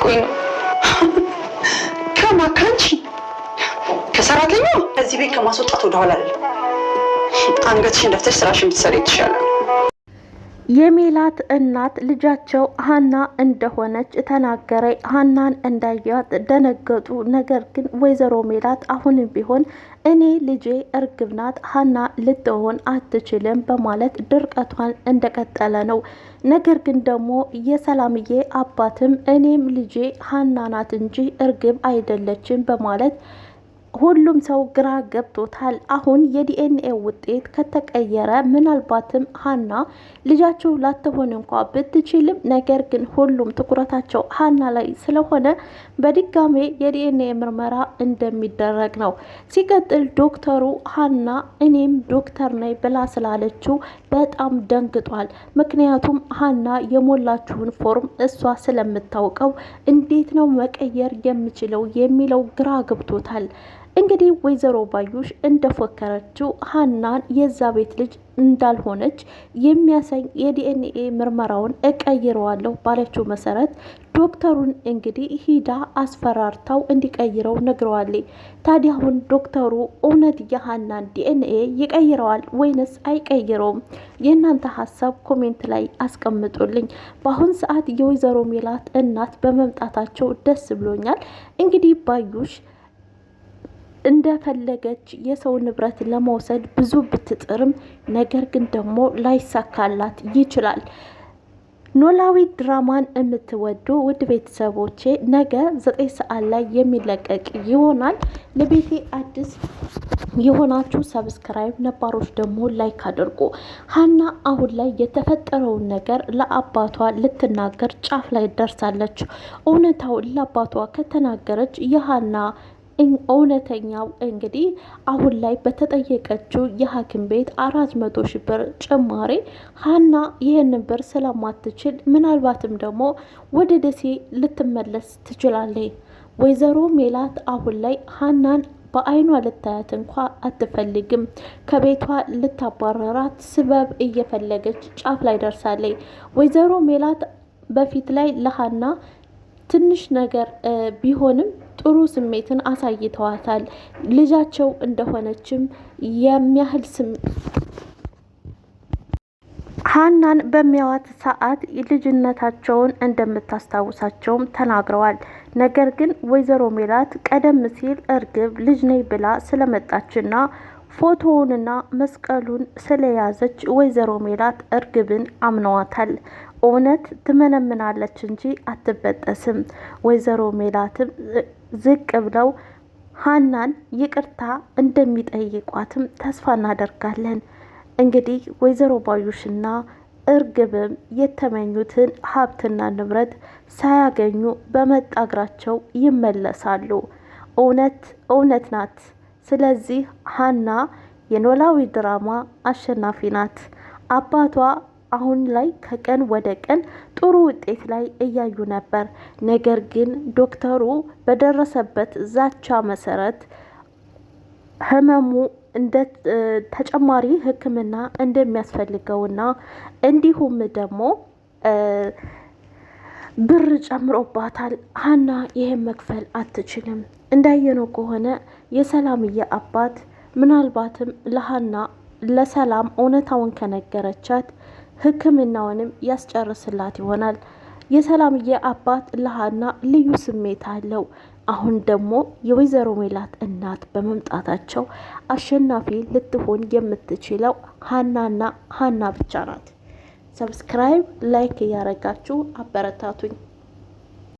እየጠየቁኝ ነው። ከማ ከአንቺ ከሰራተኛ እዚህ ቤት ከማስወጣት ወደኋላ አለ። አንገትሽን ደፍተሽ ስራሽን ብትሰሪ ትሻላል። የሜላት እናት ልጃቸው ሀና እንደሆነች ተናገረ። ሀናን እንዳያት ደነገጡ። ነገር ግን ወይዘሮ ሜላት አሁንም ቢሆን እኔ ልጄ እርግብ ናት፣ ሀና ልትሆን አትችልም በማለት ድርቀቷን እንደቀጠለ ነው። ነገር ግን ደግሞ የሰላምዬ አባትም እኔም ልጄ ሀና ናት እንጂ እርግብ አይደለችም በማለት ሁሉም ሰው ግራ ገብቶታል። አሁን የዲኤንኤ ውጤት ከተቀየረ ምናልባትም ሀና ልጃችሁ ላትሆን እንኳ ብትችልም፣ ነገር ግን ሁሉም ትኩረታቸው ሀና ላይ ስለሆነ በድጋሜ የዲኤንኤ ምርመራ እንደሚደረግ ነው። ሲቀጥል ዶክተሩ ሀና እኔም ዶክተር ነኝ ብላ ስላለችው በጣም ደንግጧል። ምክንያቱም ሀና የሞላችሁን ፎርም እሷ ስለምታውቀው እንዴት ነው መቀየር የምችለው የሚለው ግራ ገብቶታል። እንግዲህ ወይዘሮ ባዩሽ እንደፎከረችው ሀናን የዛ ቤት ልጅ እንዳልሆነች የሚያሳይ የዲኤንኤ ምርመራውን እቀይረዋለሁ ባለችው መሰረት ዶክተሩን እንግዲህ ሂዳ አስፈራርታው እንዲቀይረው ነግረዋለች። ታዲያ አሁን ዶክተሩ እውነት የሀናን ዲኤንኤ ይቀይረዋል ወይንስ አይቀይረውም? የእናንተ ሀሳብ ኮሜንት ላይ አስቀምጡልኝ። በአሁን ሰዓት የወይዘሮ ሜላት እናት በመምጣታቸው ደስ ብሎኛል። እንግዲህ ባዩሽ እንደፈለገች የሰው ንብረት ለመውሰድ ብዙ ብትጥርም ነገር ግን ደግሞ ላይሳካላት ይችላል። ኖላዊ ድራማን የምትወዱ ውድ ቤተሰቦቼ ነገ ዘጠኝ ሰዓት ላይ የሚለቀቅ ይሆናል። ለቤቴ አዲስ የሆናችሁ ሰብስክራይብ፣ ነባሮች ደግሞ ላይክ አድርጉ። ሀና አሁን ላይ የተፈጠረውን ነገር ለአባቷ ልትናገር ጫፍ ላይ ደርሳለች። እውነታውን ለአባቷ ከተናገረች የሀና እውነተኛው እንግዲህ አሁን ላይ በተጠየቀችው የሐኪም ቤት አራት መቶ ሺህ ብር ጭማሬ ሀና ይህንን ብር ስለማትችል ምናልባትም ደግሞ ወደ ደሴ ልትመለስ ትችላለች። ወይዘሮ ሜላት አሁን ላይ ሀናን በአይኗ ልታያት እንኳ አትፈልግም። ከቤቷ ልታባረራት ስበብ እየፈለገች ጫፍ ላይ ደርሳለች። ወይዘሮ ሜላት በፊት ላይ ለሀና ትንሽ ነገር ቢሆንም ጥሩ ስሜትን አሳይተዋታል። ልጃቸው እንደሆነችም የሚያህል ስም ሀናን በሚያዋት ሰዓት ልጅነታቸውን እንደምታስታውሳቸውም ተናግረዋል። ነገር ግን ወይዘሮ ሜላት ቀደም ሲል እርግብ ልጅ ነኝ ብላ ስለመጣችና ፎቶውንና መስቀሉን ስለያዘች ወይዘሮ ሜላት እርግብን አምነዋታል። እውነት ትመነምናለች እንጂ አትበጠስም። ወይዘሮ ሜላትም ዝቅ ብለው ሀናን ይቅርታ እንደሚጠይቋትም ተስፋ እናደርጋለን። እንግዲህ ወይዘሮ ባዩሽና እርግብም የተመኙትን ሀብትና ንብረት ሳያገኙ በመጣ እግራቸው ይመለሳሉ። እውነት እውነት ናት። ስለዚህ ሀና የኖላዊ ድራማ አሸናፊ ናት። አባቷ አሁን ላይ ከቀን ወደ ቀን ጥሩ ውጤት ላይ እያዩ ነበር። ነገር ግን ዶክተሩ በደረሰበት ዛቻ መሰረት ህመሙ እንደ ተጨማሪ ሕክምና እንደሚያስፈልገውና እንዲሁም ደግሞ ብር ጨምሮባታል። ሀና ይህን መክፈል አትችልም። እንዳየነው ከሆነ የሰላምዬ አባት ምናልባትም ለሀና ለሰላም እውነታውን ከነገረቻት ሕክምናውንም ያስጨርስላት ይሆናል። የሰላምዬ አባት ለሀና ልዩ ስሜት አለው። አሁን ደግሞ የወይዘሮ ሜላት እናት በመምጣታቸው አሸናፊ ልትሆን የምትችለው ሀናና ሀና ብቻ ናት። ሰብስክራይብ፣ ላይክ እያረጋችሁ አበረታቱኝ።